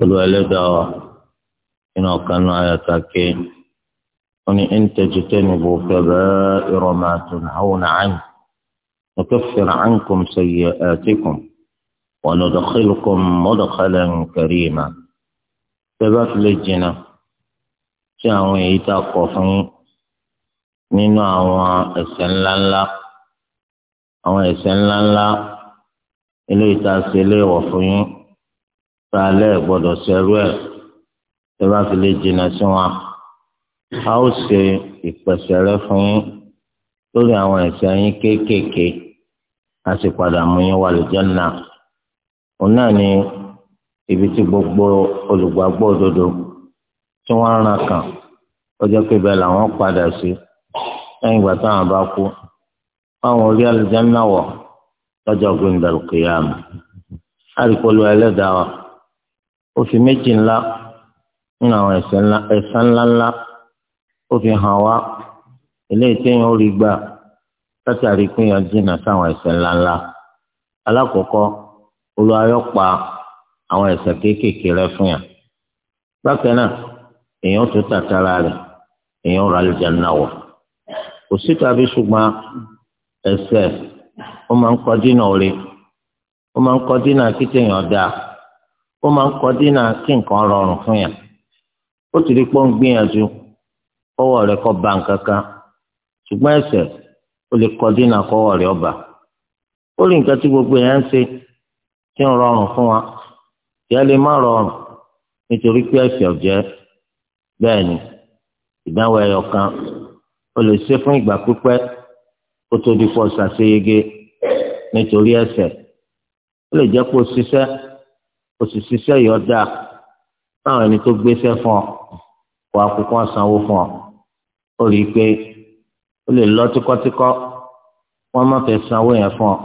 قلوا ألدعوا إن كانوا آياتك وإن إن تجتنبوا كبائر ما تنهون عنه نكفر عنكم سيئاتكم وندخلكم مدخلا كريما سبب للجنة شاوي يتقفون nínú àwọn ẹ̀ṣẹ̀ ńláńlá àwọn ẹ̀ṣẹ̀ ńláńlá ilé ìta sílé ìwọ̀ fún yín tá a lẹ́ gbọ́dọ̀ ṣerú ẹ̀ tó bá fi lè jìnnà sí wọn. a ó ṣe ìpèsè rẹ fún yín lórí àwọn ẹ̀ṣẹ̀ yín kéékèèké a sì padà mú yín wà lùjànnà. òun náà ni ibi tí gbogbo olùgbàgbọ́ òdodo tí wọ́n ń ran kàn ó jẹ́ pé bẹ́ẹ̀ làwọn padà sí lẹ́yìn ìgbà táwọn bá kú fáwọn orí àlùjànnà wọ̀ lọ́jọ́ gbẹ̀ndàlùkìyàmù. àríkọlù ẹlẹ́dàá wa. o fi méjì ńlá nínú àwọn nla ńláńlá o fi hàn wá eléyìí téèyàn ó rí gbà látàrí pínyàn jìnnà sáwọn ẹ̀ṣẹ̀ ńláńlá alákọ̀ọ́kọ́ Olúwa àwọn ẹ̀ṣẹ̀ kéékèèké rẹ́ fún yàn bákan náà èèyàn tó tàtàrà rẹ̀ èèyàn rà àlùjánnà wọ̀ kò sí tàbí ṣùgbọ́n ó máa ń dínà orí ó máa ń dínà ó máa ń kọ dínà kí nǹkan rọrùn fún yàn ó ti rí pọ́ ń gbìyànjú kọ́wọ́ rẹ̀ kọ́ ba nǹkan kan ṣùgbọ́n ẹ̀ṣẹ̀ ó lè kọ dínà kọ́wọ́ rẹ̀ ọba ó rí nǹkan tí gbogbo yẹn ń ṣe tí ń rọrùn fún wa ìyá lè má rọrùn nítorí pé ẹ̀ṣẹ̀ ọ̀jẹ́ bẹ́ẹ̀ ni ìdánwò ẹyọ kan ó lè ṣe fún ìgbà pípẹ́ ó tó di pọ̀ ṣàṣeyege nítorí ẹ̀ṣẹ̀ ó lè jẹ́ kó ṣiṣẹ́ òṣìṣẹ́ yọ dá báwọn ẹni tó gbéṣẹ́ fún ọ wà kókó sanwó fún ọ ó rí i pé ó lè lọ tíkọ́tíkọ́ wọ́n má fẹ́ sanwó yẹn fún ọ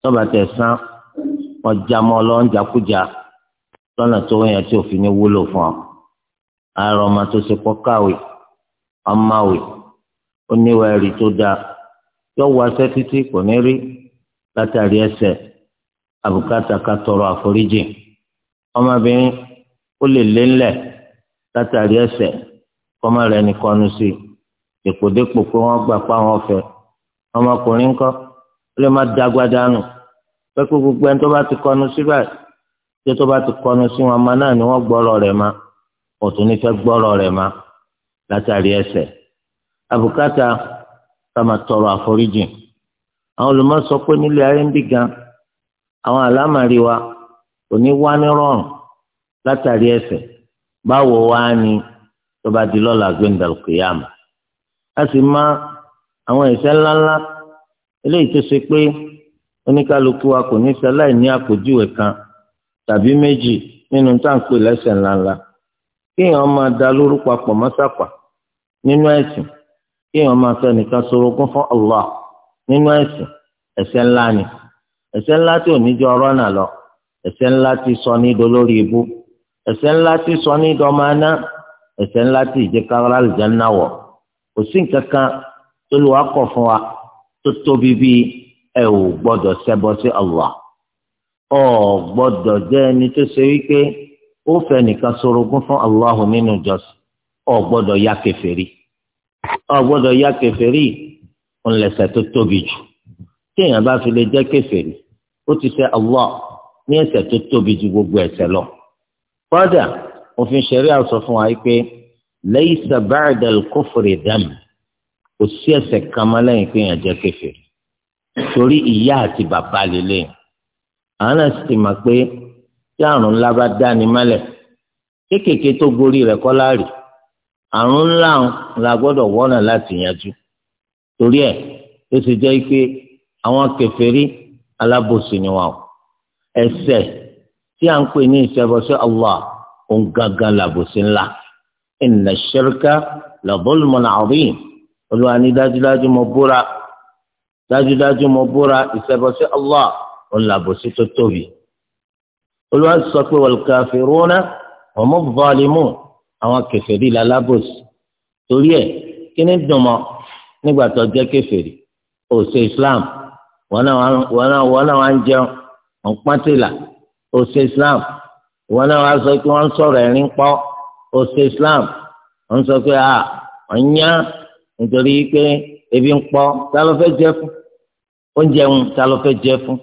tọ́ba tẹ̀ san wọ́n já mọ́ ọ lọ́n jákújá lọ́nà tó yẹn tí òfin ní wúlò fún ọ ààrẹ ọmọ tó ṣe pọ́ káwé ọmọwé ó níwèé rí tó dáa yóò wá ẹsẹ̀ títí kò ní rí látàrí ẹ̀ṣẹ̀ àbùkátà ká tọrọ àforíjì ọmọbìnrin ó lè lé ńlẹ̀ látàrí ẹsẹ̀ kọ́mọ rẹ̀ ní kọ́nu sí i dèpòdépò pé wọ́n gbà pa àwọn ọ̀fẹ́ ọmọkùnrin ńkọ́ ó lè má dágbádá nù pẹ́kú gbogbo ẹni tó bá ti kọ́nu sí báyìí tí tó bá ti kọ́nu sí wọn ma náà ni wọ́n gbọ́rọ̀ rẹ̀ ma ọ̀tún ní fẹ́ gbọ́rọ̀ rẹ̀ ma látàrí ẹsẹ̀ àbùkátà ká tọrọ àforíjì àwọn olùmọ̀ sọ pé nílé ayé ń bì gan àwọn àlámàrí wa. òní wá ní rọrùn látàrí ẹ̀ṣẹ̀ báwo wá ní tọba di lọ́la gbẹndàlùkìyàmù a sì má àwọn ẹ̀ṣẹ̀ ńláńlá eléyìí tó ṣe pé oníkálukú wa kò ní sáláì ní àpòjúwe kan tàbí méjì nínú táǹpì lẹ́ṣẹ̀ ńláńlá kéèyàn máa da mọ́sàpà nínú ẹ̀sìn kéèyàn máa fẹ́ nìkan sorogún fún Allah nínú ẹ̀sìn ńlá ni ńlá tí ò ní jọ ọ̀rọ̀ ẹ̀ṣẹ̀ ńlá ti sọ ní dolórí ibú ẹ̀ṣẹ̀ ńlá ti sọ ní dọmọaná ẹ̀ṣẹ̀ ńlá ti ìjẹkára àlùjáná wọ kò sí nǹkan kan tó lù wá kọ fún wa tó tóbi bí ẹ ò gbọ́dọ̀ ṣẹbọ sí Allah ọ gbọ́dọ̀ jẹ ẹni tó ṣe wípé ó fẹ́ nìkan sorogún fún Allah nínú ìjọsìn ọ gbọ́dọ̀ ya kèfèrí ọ gbọ́dọ̀ ya kèfèrí ńlẹsẹ tó tóbi jù téèyàn bá fi lè jẹ kèfèrí ó ti ṣẹ̀ Allah ní ẹ̀ṣẹ̀ tó tóbi ju gbogbo ẹ̀ṣẹ̀ lọ kódà òfin ṣẹ̀ríà sọ fún wa pé laysa ba'da al-kufri dam kò sí ẹ̀ṣẹ̀ kan mọ́ lẹ́yìn pé èèyàn jẹ́ kèfèrí torí ìyá àti bàbá lélẹ̀ àwọn náà sì ti mọ̀ pé tí àrùn ńlá bá dáni mọ́lẹ̀ kéékèèké tó gorí rẹ̀ kọ́ láàrì àrùn ńlá la gbọ́dọ̀ wọ́nà láti yanjú torí ẹ̀ ló ṣe jẹ́ pé àwọn kèfèrí alábòsí ni wọn o ẹ̀ṣẹ̀ tí a ń pè ní ìṣẹbọsẹ Allah òun gangan làbòsí ńlá inna ash-shirka la zulmun adhim olúwa ní dájúdájú mo búra dájúdájú mo búra ìṣẹbọsẹ Allah òun làbòsí tó tóbi olúwa sọ pé wal kafiruna hum adh-dhalimun àwọn kèfèrí lalábòsí torí ẹ̀ kí ni dùnmọ́ nígbà tó jẹ́ kèfèrí ó Islam wọn náà wọn náà wọn náà wọn jẹun. ọ̀pátìlà òsè islam ìwọ náà wàá sọ pé wọ́n ń sọ̀rọ̀ ẹ̀rín pọ́ òsè islam wọ́n sọ pé nítorí pé ebi ń pọ́ ta ló fẹ́ jẹ fún oúnjẹ ń ta ló fẹ́ jẹ fún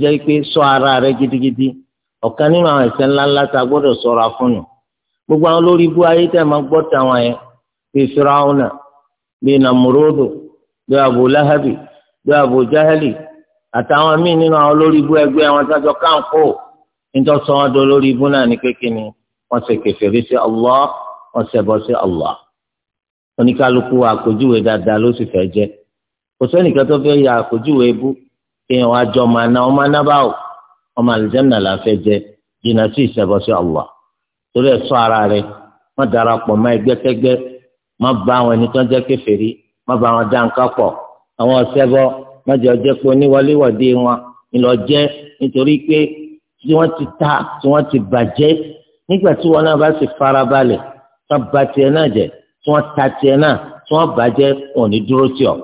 jẹ fún ara rẹ gidigidi ọ̀kan nínú àwọn ẹ̀ṣẹ̀ ńláńlá ta gbogbo àwọn olórí ibú ayé máa tàwọn yẹn bíi firawuna bíi namurodo bíi bí Abu Jahali àtàwọn míì nínú àwọn olórí ibú ẹgbẹ́ wọn sájọ káńkó nítorí sọ wọn do olórí ibú náà ní kékeré wọn ṣe kèfèrí sí ọlọ wọn ṣẹbọ sí Allah oníkálukú àpèjúwe dáadáa ló sì fẹ́ jẹ́ kò sẹ́nìkan tó ya ibú máa ná la jẹ jìnnà sí ìṣẹbọ sí ara má darapọ̀ má ẹgbẹ́kẹ́gbẹ́ má bá àwọn jẹ́ má bá àwọn ọ̀sẹ̀bọ mọ́jọ jẹ́ pé oníwọléwọ̀de wọn ńlọ jẹ́ nítorí pé tí wọ́n ti ta tí wọ́n ti bàjẹ́ nígbà tí wọn náà bá sì farabalẹ̀ tí wọ́n ba tiẹ̀ náà jẹ́ tí wọ́n ta tiẹ̀ náà tí wọ́n bàjẹ́ wọn ò ní dúró tì ọ́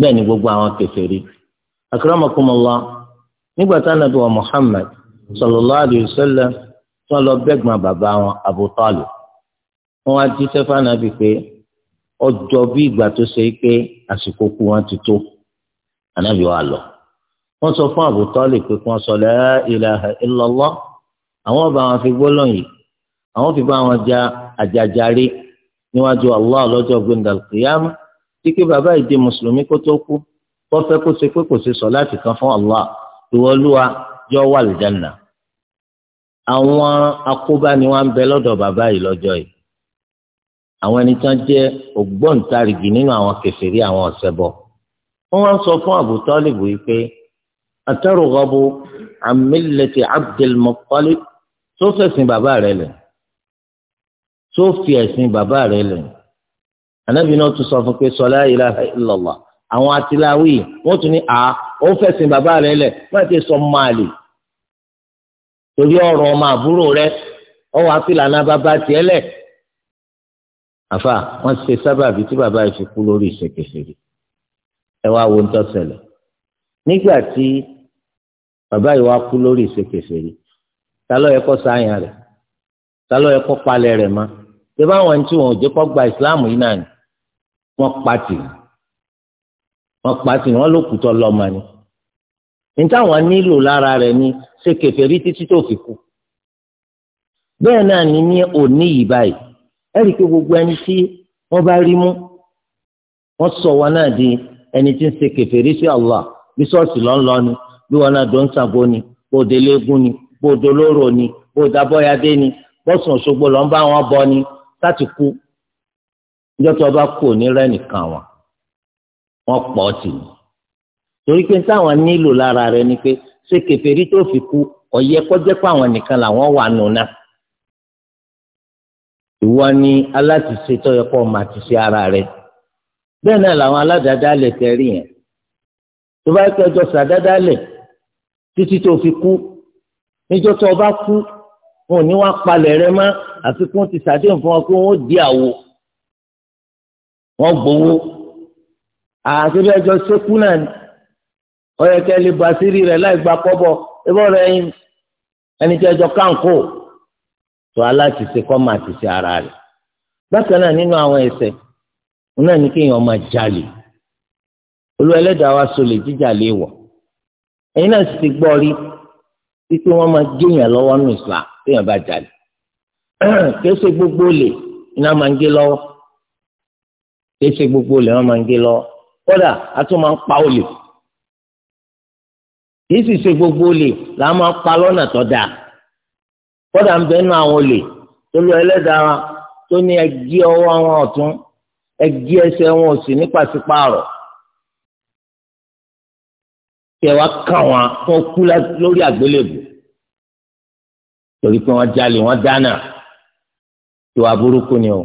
bẹ́ẹ̀ ni gbogbo àwọn kèfèrí akramakumullah nígbà tí anabi wa Muhammad sallallahu alayhi wa sallam tí wọ́n lọ bẹ́gbọ́n bàbá wọn Abu Talib wọ́n wá jíṣẹ́ fún anabi pé ọjọ́ bí ìgbà tó ṣe pé àsìkò kú wọn ti tó ànábì wa lọ wọ́n sọ fún Abu Talib pé kí wọ́n sọ la ilaha illallah àwọn ọba wọn fi gbólóhùn yìí àwọn fi bá wọn ja àjàjáre níwájú Allah lọ́jọ́ gbẹndàlùkìyàmù tí pé bàbá ìdí mùsùlùmí kó tó kú wọ́n fẹ́ kó ṣe pé kò ṣe sọ láti kan fún Allah ìwọ olúwa jọ wà lìjánà àwọn akóbá ni wọ́n ń bẹ lọ́dọ̀ bàbá yìí lọ́jọ́ yìí àwọn ẹni tán jẹ́ ògbóǹtarìgì nínú àwọn kèfèrí àwọn ọ̀ṣẹbọ wọ́n wá ń sọ fún Abu Talib yìí pé atarughabu an millati Abdul Muttalib tó fẹ̀sìn bàbá rẹ̀ lẹ̀ tó fi ẹ̀sìn bàbá rẹ̀ lẹ̀ Ànábì náà tún sọ fún pé sọlá ilaha illallah àwọn atiláwì wọ́n tún ní a ó fẹ̀sìn bàbá rẹ̀ lẹ̀ wọ́n ti sọ máàlì torí ọ̀rọ̀ ọmọ àbúrò rẹ̀ ọwọ́ àfìlànà bàbá tiẹ̀ lẹ̀ àfà wọ́n ṣe sábàbí tí bàbá yìí fi kú lórí ìṣèkèsèrè ẹ wá wo ń tó ṣẹlẹ̀ nígbà tí bàbá yìí wá kú lórí ìṣèkèsèrè ta ló yẹ kó sáyàn rẹ̀ ta ló yẹ kó palẹ̀ rẹ̀ mọ́ ṣé báwọn ẹni tí wọn ò jẹ́ kó gba ìsìláàmù yìí náà ni wọ́n pa tì wọ́n pa tì wọ́n ló kù tọ́ lọ́mọ ni nítawọ̀n nílò lára rẹ̀ ni ṣe kèfèrí títí tó fi kú bẹ́ẹ̀ náà ni ní òní yìí báyìí ẹ̀rí pé gbogbo ẹni tí wọ́n bá rí mú wọ́n sọ wọn náà di ẹni tí ń ṣe kèfèrí sí Allah bí ṣọ́ọ̀ṣì lọ́nlọ́ ni bí wọn náà dọ̀ ń sàgó ni bó delégún ni bó dolóró ni bó dabọ́yadé ni bọ́sùn Òṣogbo lọ́n bá wọn bọ ni láti kú níjọ́ tí wọ́n bá kú òní rẹ́ nìkan wọn wọ́n pọ̀ tì ní torí pé táwọn nílò lára rẹ ni pé ṣé kèfèrí tó fi kú ọ̀yẹ́ kọ́jẹ́ nìkan làwọn wà nù náà ìwọ ni aláṣìṣe tó yẹ kó máa ti ṣe ara rẹ bẹ́ẹ̀ náà làwọn aládàádálẹ̀ tẹ̀rí yẹn tó bá kẹ́ ọjọ́ sàdádálẹ̀ títí tó fi kú níjọ́ tó o bá kú wọn ò ní wá palẹ̀ rẹ mọ́ àfikún ti sàdéhùn fún wọn pé wọn ó di àwo wọn gbowó àti bí ẹjọ́ ṣekú náà ni ọyẹ kẹ́ lè basírí rẹ láì gba kọ́bọ̀ ẹbọ rẹ ẹni tí kánkó tó aláṣìṣe kọ́ máa ti ṣe ara rẹ̀ bákan náà nínú àwọn ẹ̀ṣẹ̀ òun náà ní kéèyàn máa jalè olú ẹlẹ́dàá wa sọ lè jíjà lè wọ̀ ẹ̀yin náà sì ti gbọ́ rí títí wọ́n máa géèyàn lọ́wọ́ nù Islam téèyàn bá jalè kéṣe gbogbo lè iná máa ń gé lọ́wọ́ kéṣe gbogbo lè wọ́n máa ń gé lọ́wọ́ kódà a tún máa ń pa olè kìí sì ṣe gbogbo olè là á máa pa lọ́nà tó dáa kódà ń bẹnu àwọn olè tó lọ ẹlẹ́dàá wa tó ní ẹgí ọwọ́ àwọn ọ̀tún ẹgí ẹsẹ̀ wọn òsì ní pàṣípààrọ̀ kẹ wá wọn kó kú lórí àgbélébù torí pé wọ́n jalè wọ́n dáná ìwà burúkú ni o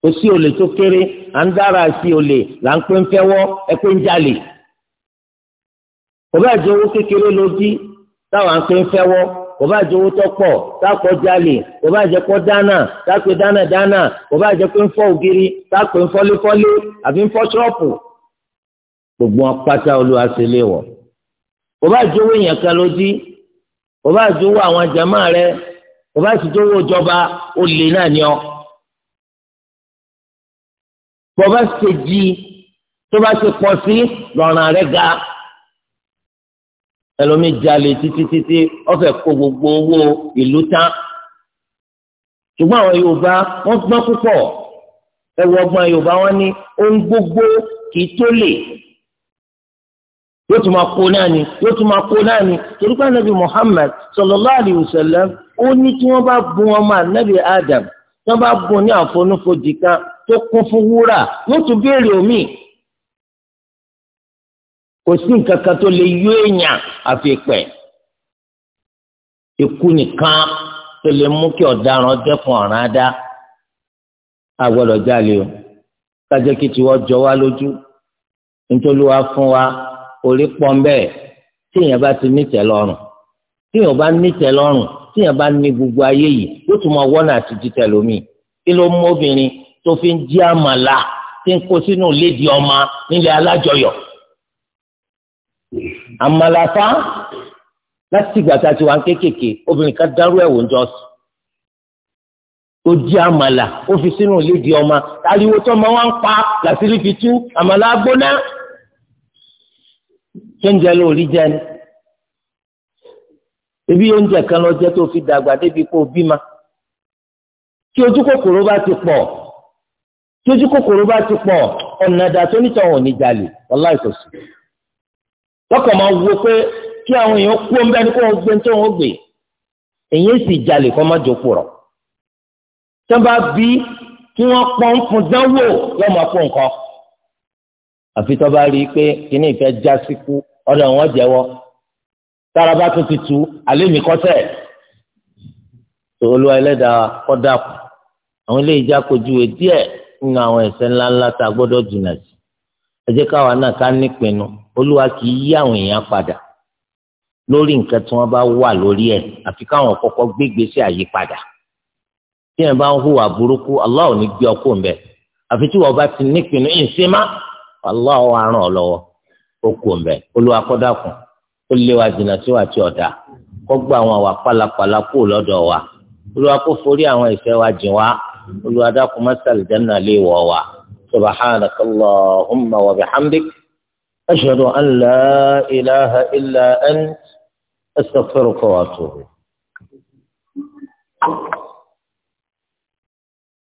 kò sí olè tó kéré à ń dára sí olè là ń pè ń fẹ́wọ́ ẹ pé ń jalè kò bá jẹ owó kékeré ló dí táwọn à ń pè fẹ́wọ́ kò bá jẹ owó tó pọ̀ táàpọ̀ jalè kò bá jẹ pọ̀ dáná táàpẹ̀ dáná dáná kò bá jẹ pé ń fọ́ ògiri táàpẹ̀ ń fọ́léfọ́lé àbí ń fọ́ ṣọ́ọ̀pù gbogbo wọn pátá olúwa ṣe lé wọ̀ kò bá jẹ owó èèyàn kan ló dí kò bá jẹ owó àwọn jàmá rẹ kò bá sì jẹ owó ìjọba olè náà ni ọ bọ́ bá ṣe jí tó bá ṣe pọ̀ sí lọ́ràn rẹ ga ẹlòmíì jalè títí títí ọfẹ kó gbogbo owó ìlú tán ṣùgbọ́n àwọn Yorùbá wọ́n gbọ́n púpọ̀ ẹwọ ọgbọ́n Yorùbá wọ́n ní ohun gbogbo kì í tó lè yóò tún máa kó náà ni yóò tún máa kó náà ni torí pé anabi Muhammad sallallahu alaihi wasallam ó ní tí wọ́n bá bùn ọmọ anabi Adam tí wọ́n bá bùn ní àfonúfojì kan tó kún fún wúrà wọ́n tún béèrè omi kò sí nǹkan kan tó lè yó èèyàn àfi pẹ̀ ikú nìkan tó lè mú kí ọ̀daràn dẹ́kun ọ̀ràn á dá àgbọ̀dọ̀ jalè o kájẹ́ kí tiwọ́ jọ wá lójú nítorí wá fún wa orí pọ́n bẹ́ẹ̀ tí èèyàn bá ti nítẹ̀ lọ́rùn tí èèyàn bá nítẹ̀ lọ́rùn tí èèyàn bá ní gbogbo ayé yìí yóò tún máa wọ́nà àti jíjẹ lómi kí ló mú obìnrin tó fi ń jí àmàlà tí ń kó sínú lédi ọmọ nílé alájọyọ̀ Amalafa, láti ìgbà tá a ti wà ń kékèké obìnrin kan dárú ẹ̀wò ń jọ sùn ó di àmàlà ó fi sínú ilé di ọmọ ariwo tó ọmọ wa ń pa làṣírí fi tú àmàlà gbóná tó ń jẹ lórí jẹ ni ebi oúnjẹ kan lọ jẹ tó fi dàgbà débi kó o bímọ tí ojú kòkòrò bá ti pọ̀ tí ojú kòkòrò bá ti pọ̀ ọ̀nà àdàtọ́ nítorí òní jalè wàláì kò sí lọ́kàn máa wo pé kí àwọn èèyàn kú ọmọdé ní kó wọn gbé tó wọn gbé èyí sì jalè kọ́ má jókòó rọ̀ tó bá bí kí wọ́n pọ́n fún dánwò lọ́mọ pọ̀ nǹkan àfi tó bá rí i pé kíní ìfẹ́ já síkú ọ̀dọ̀ wọn jẹ́wọ́ tára bá tún ti tu àlẹ́ mi olúwa ẹlẹ́dàá kọ́ àwọn ilé ìjà kojú e nínú àwọn ẹ̀ṣẹ̀ ńláńlá tá a gbọ́dọ̀ jìnnà sí ẹ jẹ́ káwa náà ká nípinnu olúwa kì í yí àwọn èèyàn padà lórí nǹkan tí wọ́n bá wà lórí ẹ̀ àfi káwọn kọ́kọ́ gbégbé sí àyípadà tí ẹ bá ń hùwà burúkú Allah ò ní gbé ọkọ mbẹ àfi tí wọ́n bá ti nípinnu ìsinmá Allah ò ràn ọkọ mbẹ olúwa kódà ó lé wa jìnnà tí wà á ti ọ̀dà kó àwọn àwà pálapàla kú lọ́dọ̀ wa olúwa kó forí àwọn ìfẹ́ wa jìn wá olúwa dákun mọ́sálì jẹ́ náà lè wọ̀ wá. سبحانك اللهم وبحمدك أشهد أن لا إله إلا أنت أستغفرك وأتوب